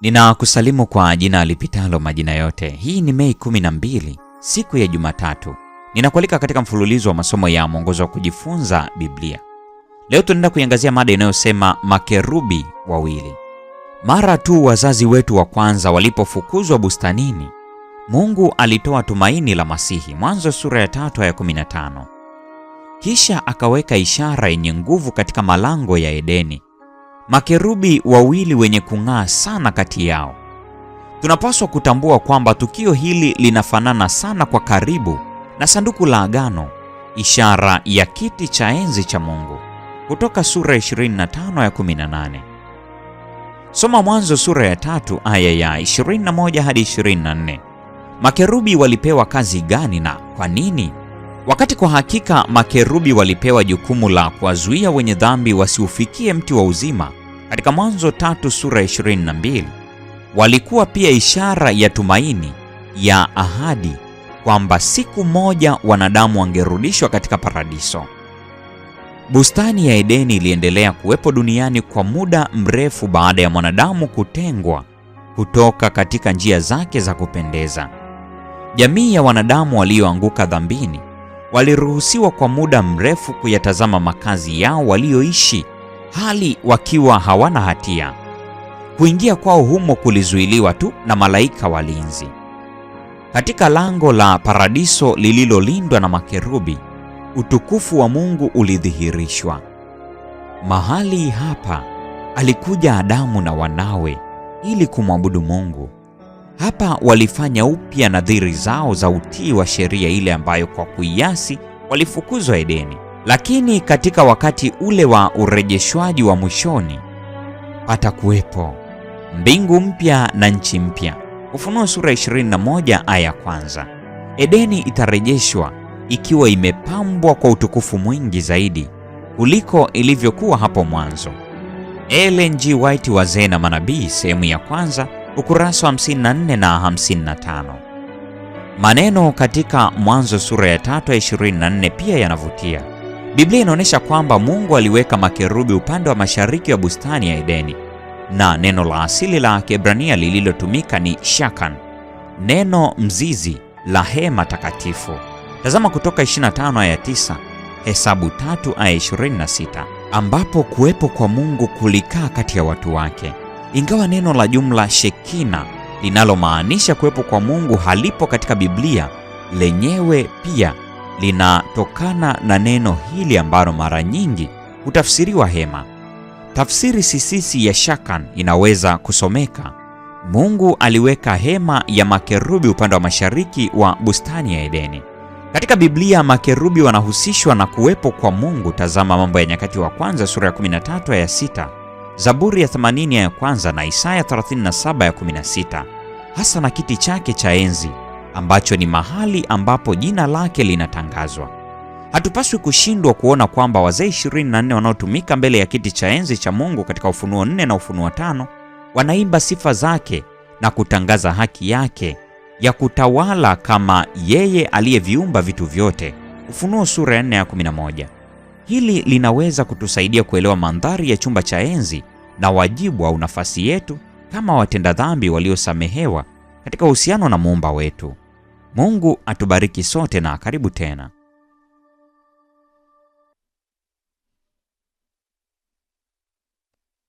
Ninakusalimu kwa jina lipitalo majina yote. Hii ni Mei 12, siku ya Jumatatu. Ninakualika katika mfululizo wa masomo ya mwongozo wa kujifunza Biblia. Leo tunaenda kuiangazia mada inayosema makerubi wawili. Mara tu wazazi wetu wa kwanza walipofukuzwa bustanini, Mungu alitoa tumaini la Masihi, Mwanzo sura ya tatu aya 15. Kisha akaweka ishara yenye nguvu katika malango ya Edeni makerubi wawili wenye kung'aa sana kati yao. Tunapaswa kutambua kwamba tukio hili linafanana sana kwa karibu na sanduku la agano, ishara ya kiti cha enzi cha Mungu, kutoka sura 25 ya 18. Soma Mwanzo sura ya tatu aya ya 21 hadi 24. Makerubi walipewa kazi gani na kwa nini? Wakati kwa hakika makerubi walipewa jukumu la kuwazuia wenye dhambi wasiufikie mti wa uzima katika Mwanzo tatu sura 22, walikuwa pia ishara ya tumaini ya ahadi kwamba siku moja wanadamu wangerudishwa katika paradiso. Bustani ya Edeni iliendelea kuwepo duniani kwa muda mrefu baada ya mwanadamu kutengwa kutoka katika njia zake za kupendeza. Jamii ya wanadamu walioanguka dhambini waliruhusiwa kwa muda mrefu kuyatazama makazi yao walioishi hali wakiwa hawana hatia. Kuingia kwao humo kulizuiliwa tu na malaika walinzi. Katika lango la paradiso lililolindwa na makerubi, utukufu wa Mungu ulidhihirishwa. Mahali hapa alikuja Adamu na wanawe ili kumwabudu Mungu. Hapa walifanya upya nadhiri zao za utii wa sheria ile ambayo kwa kuiasi walifukuzwa Edeni. Lakini katika wakati ule wa urejeshwaji wa mwishoni patakuwepo mbingu mpya na nchi mpya. Ufunuo sura 21 aya kwanza. Edeni itarejeshwa ikiwa imepambwa kwa utukufu mwingi zaidi kuliko ilivyokuwa hapo mwanzo. Ellen G. White, Wazee na Manabii, sehemu ya kwanza ukurasa wa 54 na 55. Maneno katika Mwanzo sura ya 3 ya 24 pia yanavutia. Biblia inaonyesha kwamba Mungu aliweka makerubi upande wa mashariki wa bustani ya Edeni, na neno la asili la Kiebrania lililotumika ni shakan, neno mzizi la hema takatifu. Tazama Kutoka 25 aya 9, Hesabu 3 aya 26, ambapo kuwepo kwa Mungu kulikaa kati ya watu wake. Ingawa neno la jumla Shekina linalomaanisha kuwepo kwa Mungu halipo katika Biblia, lenyewe pia linatokana na neno hili ambalo mara nyingi hutafsiriwa hema. Tafsiri sisisi ya Shakan inaweza kusomeka, Mungu aliweka hema ya makerubi upande wa mashariki wa bustani ya Edeni. Katika Biblia makerubi wanahusishwa na kuwepo kwa Mungu. Tazama Mambo ya Nyakati wa Kwanza sura ya 13 aya 6 Zaburi ya 80 ya kwanza na Isaya 37 ya 16, hasa na kiti chake cha enzi ambacho ni mahali ambapo jina lake linatangazwa. Hatupaswi kushindwa kuona kwamba wazee 24 wanaotumika mbele ya kiti cha enzi cha Mungu katika Ufunuo 4 na Ufunuo tano wanaimba sifa zake na kutangaza haki yake ya kutawala kama yeye aliyeviumba vitu vyote. Ufunuo sura ya 4 ya 11. Hili linaweza kutusaidia kuelewa mandhari ya chumba cha enzi na wajibu au nafasi yetu kama watenda dhambi waliosamehewa katika uhusiano na muumba wetu. Mungu atubariki sote na karibu tena.